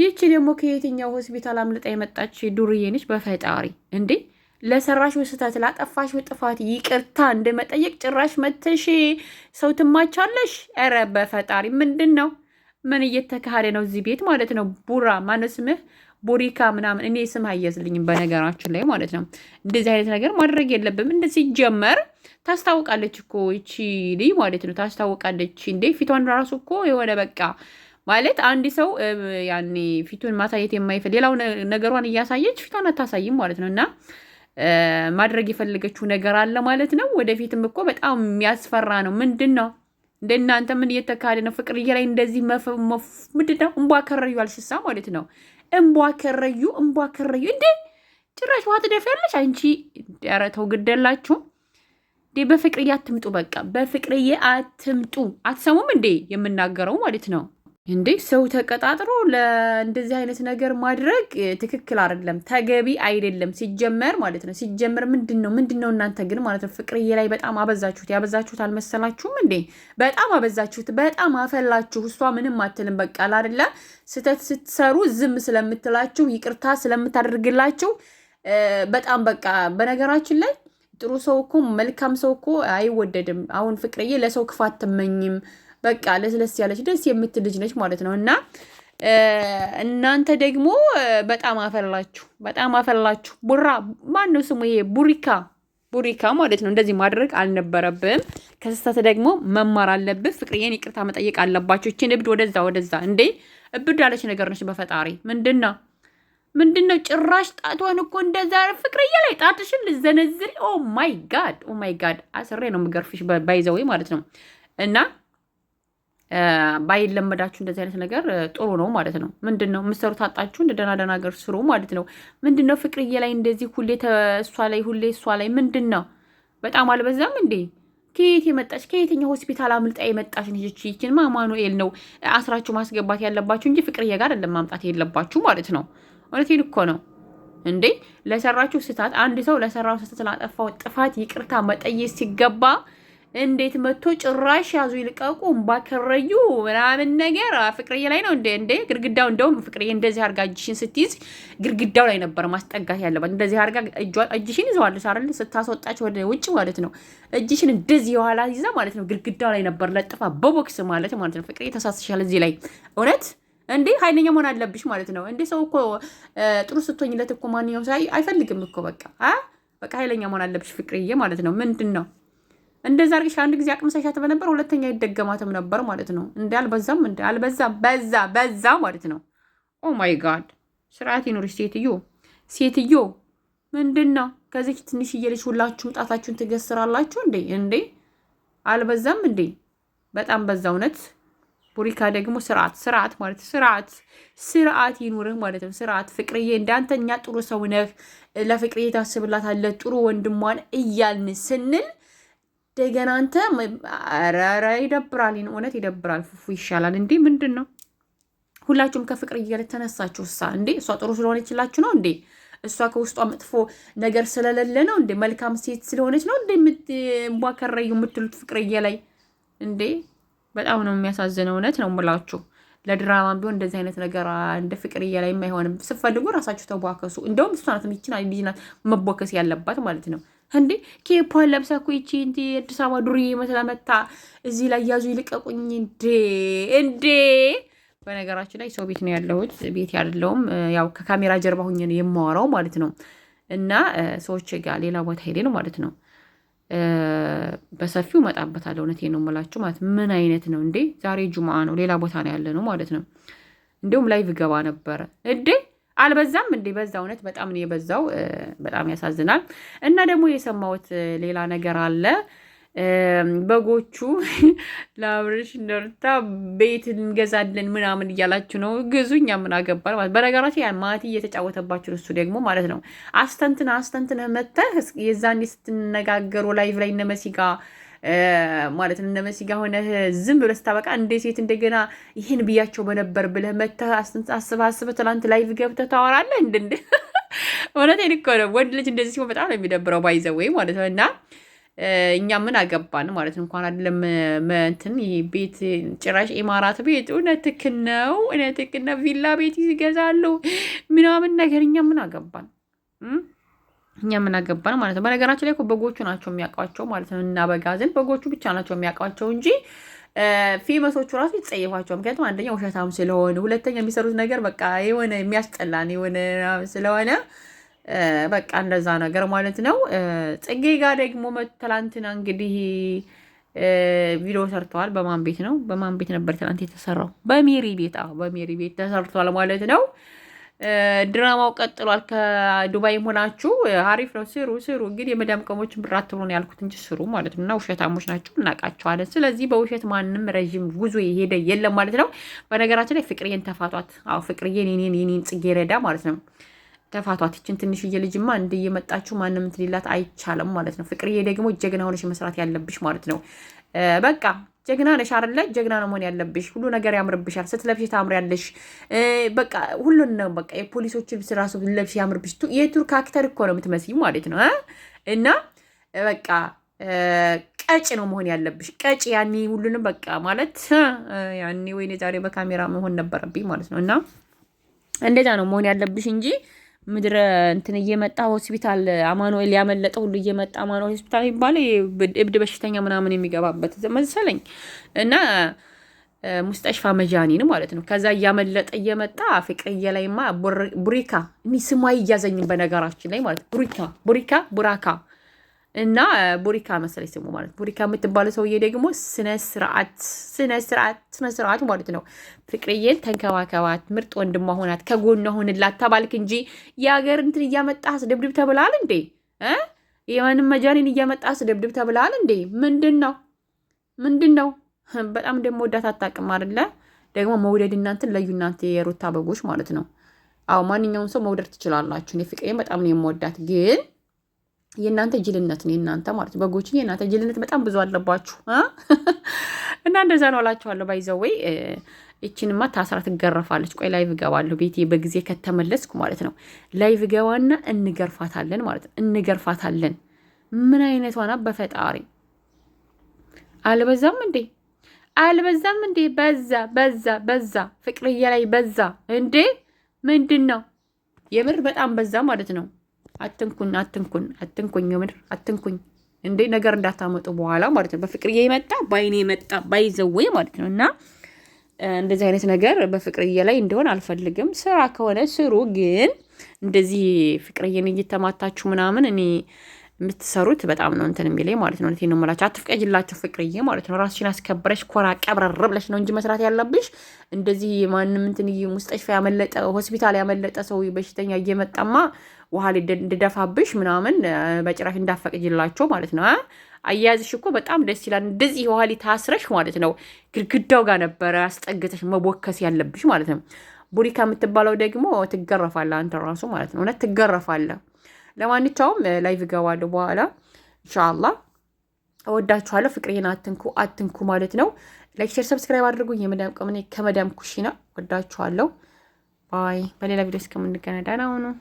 ይቺ ደግሞ ከየትኛው ሆስፒታል አምልጣ የመጣች ዱርዬ ነች? በፈጣሪ እንዴ! ለሰራሽው ስህተት ላጠፋሽው ጥፋት ይቅርታ እንደመጠየቅ ጭራሽ መተሽ ሰው ትማቻለሽ? ኧረ በፈጣሪ ምንድን ነው? ምን እየተካሄደ ነው እዚህ ቤት ማለት ነው? ቡራ ማነው ስምህ? ቡሪካ ምናምን እኔ ስም አያዝልኝም በነገራችን ላይ ማለት ነው። እንደዚህ አይነት ነገር ማድረግ የለብም። እንደዚህ ጀመር ታስታውቃለች እኮ ይቺ ልጅ ማለት ነው። ታስታውቃለች እንዴ! ፊቷን ራሱ እኮ የሆነ በቃ ማለት አንድ ሰው ያኔ ፊቱን ማሳየት የማይፈል ሌላው ነገሯን እያሳየች ፊቷን አታሳይም ማለት ነው እና ማድረግ የፈለገችው ነገር አለ ማለት ነው። ወደፊትም እኮ በጣም የሚያስፈራ ነው። ምንድን ነው እንደ እናንተ ምን እየተካሄደ ነው? ፍቅርዬ ላይ እንደዚህ ምንድን ነው? እንቧ ከረዩ ማለት ነው። እንቧ ከረዩ እንቧ ከረዩ እንዴ! ጭራሽ ውሃ ትደፊያለሽ አንቺ። ኧረ ተው ግደላችሁ እንዴ! በፍቅርዬ አትምጡ፣ በቃ በፍቅርዬ አትምጡ። አትሰሙም እንዴ የምናገረው ማለት ነው። እንዴ ሰው ተቀጣጥሮ ለእንደዚህ አይነት ነገር ማድረግ ትክክል አይደለም፣ ተገቢ አይደለም። ሲጀመር ማለት ነው ሲጀመር ምንድን ነው ምንድን ነው? እናንተ ግን ማለት ነው ፍቅርዬ ላይ በጣም አበዛችሁት። ያበዛችሁት አልመሰላችሁም እንዴ? በጣም አበዛችሁት፣ በጣም አፈላችሁ። እሷ ምንም አትልም። በቃ አይደለ ስህተት ስትሰሩ ዝም ስለምትላችሁ ይቅርታ ስለምታደርግላችሁ በጣም በቃ በነገራችን ላይ ጥሩ ሰው እኮ መልካም ሰው እኮ አይወደድም። አሁን ፍቅርዬ ለሰው ክፋት አትመኝም። በቃ ለስለስ ያለች ደስ የምትል ልጅ ነች ማለት ነው እና እናንተ ደግሞ በጣም አፈላችሁ፣ በጣም አፈላችሁ። ቡራ ማን ነው ስሙ? ይሄ ቡሪካ ቡሪካ ማለት ነው። እንደዚህ ማድረግ አልነበረብም። ከስህተት ደግሞ መማር አለብህ። ፍቅርዬን ይቅርታ መጠየቅ አለባችሁ። ይችን እብድ ወደዛ ወደዛ፣ እንዴ እብድ ያለች ነገር ነች። በፈጣሪ ምንድን ነው ምንድን ነው? ጭራሽ ጣቷን እኮ እንደዛ ፍቅርዬ ላይ ጣትሽን ልዘነዝሪ። ኦ ማይ ጋድ ኦ ማይ ጋድ፣ አስሬ ነው የምገርፍሽ ባይዘወይ ማለት ነው እና ባይለመዳችሁ እንደዚህ አይነት ነገር ጥሩ ነው ማለት ነው። ምንድን ነው የምትሰሩት አጣችሁ እንደ ደህና ደህና ነገር ስሩ ማለት ነው። ምንድን ነው ፍቅርዬ ላይ እንደዚህ ሁሌ እሷ ላይ ሁሌ እሷ ላይ ምንድን ነው? በጣም አልበዛም እንዴ? ከየት የመጣች ከየትኛው ሆስፒታል አምልጣ የመጣች ነች? ይችን ማማኑኤል ነው አስራችሁ ማስገባት ያለባችሁ እንጂ ፍቅርዬ ጋር አይደለም ማምጣት የለባችሁ ማለት ነው። እውነቴን እኮ ነው እንዴ። ለሰራችሁ ስህተት አንድ ሰው ለሰራው ስህተት ላጠፋው ጥፋት ይቅርታ መጠየቅ ሲገባ እንዴት መጥቶ ጭራሽ ያዙ ይልቀቁ እምባከረዩ ምናምን ነገር ፍቅርዬ ላይ ነው እንደ እንደ ግድግዳው እንደውም ፍቅርዬ እንደዚህ አርጋ እጅሽን ስትይዝ ግድግዳው ላይ ነበር ማስጠጋት ያለባት። እንደዚህ አርጋ እጅሽን ይዘዋለች አይደል? ስታስወጣች ወደ ውጭ ማለት ነው። እጅሽን እንደዚህ የኋላ ይዛ ማለት ነው ግድግዳው ላይ ነበር ለጥፋ በቦክስ ማለት ማለት ነው። ፍቅርዬ ተሳስተሻል እዚህ ላይ እውነት እንዴ ኃይለኛ መሆን አለብሽ ማለት ነው። እንዴ ሰው እኮ ጥሩ ስትሆኝለት እኮ ማንኛውም ሳይ አይፈልግም እኮ በቃ በቃ ኃይለኛ መሆን አለብሽ ፍቅርዬ ማለት ነው። ምንድን ነው እንደዛ አድርገሽ አንድ ጊዜ አቅምሰሻት በነበር ሁለተኛ ይደገማትም ነበር ማለት ነው። እንደ አልበዛም እንደ አልበዛም በዛ በዛ ማለት ነው። ኦ ማይ ጋድ ስርዓት ይኑርሽ ሴትዮ፣ ሴትዮ ምንድን ነው ከዚህ ትንሽዬ ልጅ ሁላችሁም ጣታችሁን ትገስራላችሁ እንዴ? እንዴ አልበዛም እንዴ? በጣም በዛ እውነት። ቡሪካ ደግሞ ስርዓት ስርዓት ማለት ስርዓት ስርዓት ይኑርህ ማለት ነው። ስርዓት ፍቅርዬ፣ እንዳንተኛ ጥሩ ሰው ነህ፣ ለፍቅርዬ ታስብላታለህ፣ ጥሩ ወንድሟን እያልን ስንል እንደገና አንተ ኧረ ይደብራል፣ እውነት ይደብራል። ፉፉ ይሻላል እንዴ? ምንድን ነው ሁላችሁም ከፍቅር እያለ ተነሳችሁ? እሳ እንዴ እሷ ጥሩ ስለሆነችላችሁ ነው እንዴ? እሷ ከውስጧ መጥፎ ነገር ስለሌለ ነው እንዴ? መልካም ሴት ስለሆነች ነው እንዴ የምትቧከረዩ የምትሉት ፍቅርዬ ላይ እንዴ? በጣም ነው የሚያሳዝነው። እውነት ነው የምላችሁ። ለድራማም ቢሆን እንደዚህ አይነት ነገር እንደ ፍቅርዬ ላይ የማይሆንም። ስፈልጉ ራሳችሁ ተቧከሱ። እንደውም እሷ ናት ይችን ልጅ ናት መቧከስ ያለባት ማለት ነው። እንዴ ኬፖን ለብሳ እኮ ይቺ እንዲ አዲስ አበባ ዱርዬ መስላ መታ እዚህ ላይ ያዙ ይልቀቁኝ። እንዴ እንዴ! በነገራችን ላይ ሰው ቤት ነው ያለሁት፣ ቤት ያለውም ያው ከካሜራ ጀርባ ሁኜ ነው የማወራው ማለት ነው። እና ሰዎች ጋር ሌላ ቦታ ሄዴ ነው ማለት ነው። በሰፊው እመጣበታለሁ። እውነቴን ነው የምላችሁ ማለት ምን አይነት ነው እንዴ! ዛሬ ጁምአ ነው፣ ሌላ ቦታ ነው ያለ ነው ማለት ነው። እንዲሁም ላይቭ ገባ ነበረ እንዴ አልበዛም እንዴ? በዛ እውነት በጣም ነው የበዛው። በጣም ያሳዝናል። እና ደግሞ የሰማሁት ሌላ ነገር አለ። በጎቹ ለአብርሽ እንደርታ ቤት እንገዛለን ምናምን እያላችሁ ነው። ግዙ፣ እኛ ምን አገባል ማለት በነገራቸው ያ ማቲ እየተጫወተባችሁ እሱ ደግሞ ማለት ነው አስተንትን አስተንትን መተህ የዛን ስትነጋገሩ ላይቭ ላይ እነ መሲ ጋ ማለት እነ መሲ ጋር ሆነህ ዝም ብለህ ስታበቃ እንደ ሴት እንደገና ይህን ብያቸው በነበር ብለህ መተህ አስበህ አስበህ ትናንት ላይቭ ገብተህ ታወራለህ። እንድንድ እውነቴን እኮ ነው። ወንድ ልጅ እንደዚህ ሲሆን በጣም ነው የሚደብረው። ባይዘ ወይ ማለት ነው እና እኛ ምን አገባን ማለት እንኳን አይደለም እንትን ይሄ ቤት ጭራሽ ኢማራት ቤት እውነትክ ነው እውነትክ ነው ቪላ ቤት ይገዛሉ ምናምን ነገር እኛ ምን አገባን? እኛ የምናገባን ማለት ነው። በነገራችን ላይ በጎቹ ናቸው የሚያውቋቸው ማለት ነው። እና በጋዝን በጎቹ ብቻ ናቸው የሚያውቋቸው እንጂ ፌመሶቹ ራሱ ይጸየፏቸው። ምክንያቱም አንደኛ ውሸታም ስለሆነ፣ ሁለተኛ የሚሰሩት ነገር በቃ የሆነ የሚያስጠላን የሆነ ስለሆነ በቃ እንደዛ ነገር ማለት ነው። ጽጌ ጋ ደግሞ ትላንትና እንግዲህ ቪዲዮ ሰርተዋል። በማን ቤት ነው? በማን ቤት ነበር ትላንት የተሰራው? በሜሪ ቤት። በሜሪ ቤት ተሰርቷል ማለት ነው። ድራማው ቀጥሏል። ከዱባይ ሆናችሁ አሪፍ ነው ስሩ ስሩ። እንግዲህ የመዳም ቀሞችን ብር አትብሉ ነው ያልኩት እንጂ ስሩ ማለት ነው። እና ውሸታሞች ናቸው እናውቃቸዋለን። ስለዚህ በውሸት ማንም ረዥም ጉዞ የሄደ የለም ማለት ነው። በነገራችን ላይ ፍቅርዬን ተፋቷት። አዎ ፍቅርዬን የኔን የኔን ረዳ ማለት ነው ተፋቷት። ይችን ትንሽዬ ልጅማ እንደ እየመጣችሁ ማንም እንትን ሊላት አይቻልም ማለት ነው። ፍቅርዬ ደግሞ ጀግና ሆነሽ መስራት ያለብሽ ማለት ነው በቃ ጀግና ነሽ አይደለ? ጀግና ነው መሆን ያለብሽ። ሁሉ ነገር ያምርብሻል። ስትለብሽ ታምሪያለሽ። በቃ ሁሉን ነው በቃ የፖሊሶች ልብስ ራሱ ለብሽ ያምርብሽ። የቱርክ አክተር እኮ ነው የምትመስይ ማለት ነው። እና በቃ ቀጭ ነው መሆን ያለብሽ። ቀጭ ያኔ ሁሉንም በቃ ማለት ያኔ ወይኔ ዛሬ በካሜራ መሆን ነበረብኝ ማለት ነው። እና እንደዛ ነው መሆን ያለብሽ እንጂ ምድረ እንትን እየመጣ ሆስፒታል አማኑኤል ያመለጠ ሁሉ እየመጣ አማኑኤል ሆስፒታል የሚባለው እብድ በሽተኛ ምናምን የሚገባበት መሰለኝ እና ሙስጠሽፋ መጃኒን ማለት ነው። ከዛ እያመለጠ እየመጣ ፍቅርዬ ላይማ ቡሪካ ስሟ እያዘኝም በነገራችን ላይ ማለት ቡሪካ ቡሪካ ቡራካ እና ቡሪካ መሰለኝ ስሙ ማለት ቡሪካ የምትባለው ሰውዬ ደግሞ ስነ ስርዓት ስነ ስርዓት ስነ ማለት ነው። ፍቅርዬን ተንከባከባት፣ ምርጥ ወንድሟ ሆናት፣ ከጎኗ ሆንላት ተባልክ እንጂ የሀገር እንትን እያመጣ አስደብድብ ተብላል እንዴ? የማንም መጃኔን እያመጣ አስደብድብ ተብላል እንዴ? ምንድን ነው ምንድን ነው? በጣም ደግሞ ወዳት አታውቅም አይደለ? ደግሞ መውደድ እናንትን ለዩ እናንተ የሩታ በጎች ማለት ነው። አዎ ማንኛውም ሰው መውደድ ትችላላችሁ። ፍቅሬን በጣም ነው የምወዳት ግን የእናንተ ጅልነት ነው። የእናንተ ማለት በጎች የእናንተ ጅልነት በጣም ብዙ አለባችሁ እና እንደዛ ነው እላችኋለሁ። ባይዘወይ እችንማ ታስራ ትገረፋለች። ቆይ ላይቭ እገባለሁ ቤቴ በጊዜ ከተመለስኩ ማለት ነው። ላይቭ እገባና እንገርፋታለን ማለት ነው። እንገርፋታለን። ምን አይነቷና በፈጣሪ አልበዛም እንዴ? አልበዛም እንዴ? በዛ በዛ በዛ ፍቅርዬ ላይ በዛ እንዴ? ምንድን ነው የምር በጣም በዛ ማለት ነው። አትንኩኝ አትንኩኝ አትንኩኝ የምር አትንኩኝ እንዴ ነገር እንዳታመጡ በኋላ ማለት ነው። በፍቅርዬ የመጣ በአይኔ የመጣ ባይዘወይ ማለት ነው። እና እንደዚህ አይነት ነገር በፍቅርዬ ላይ እንደሆን አልፈልግም። ስራ ከሆነ ስሩ፣ ግን እንደዚህ ፍቅርዬን እየተማታችሁ ምናምን እኔ የምትሰሩት በጣም ነው እንትን የሚለኝ ማለት ነው። እውነቴን ነው የምላቸው። አትፍቀጅላቸው ፍቅርዬ ማለት ነው። ራስሽን አስከብረሽ ኮራ ቀብረር ብለሽ ነው እንጂ መስራት ያለብሽ። እንደዚህ ማንም እንትን ሙስጠሽፋ ያመለጠ ሆስፒታል ያመለጠ ሰው በሽተኛ እየመጣማ ውሃ እንድደፋብሽ ምናምን በጭራሽ እንዳፈቅጅላቸው ማለት ነው። አያያዝሽ እኮ በጣም ደስ ይላል። እንደዚህ ውሃ ታስረሽ ማለት ነው ግድግዳው ጋር ነበረ አስጠግተሽ መቦከስ ያለብሽ ማለት ነው። ቡሪካ የምትባለው ደግሞ ትገረፋለ አንተ ራሱ ማለት ነው። እውነት ትገረፋለህ። ለማንኛውም ላይቭ እገባለሁ በኋላ እንሻላ። እወዳችኋለሁ። ፍቅሬን አትንኩ አትንኩ ማለት ነው። ላይክ፣ ሼር፣ ሰብስክራይብ አድርጉ። የመዳም ቀመኔ ከመዳም ኩሽና ወዳችኋለሁ። ባይ። በሌላ ቪዲዮ እስከምንገናኝ ደህና ሁኑ።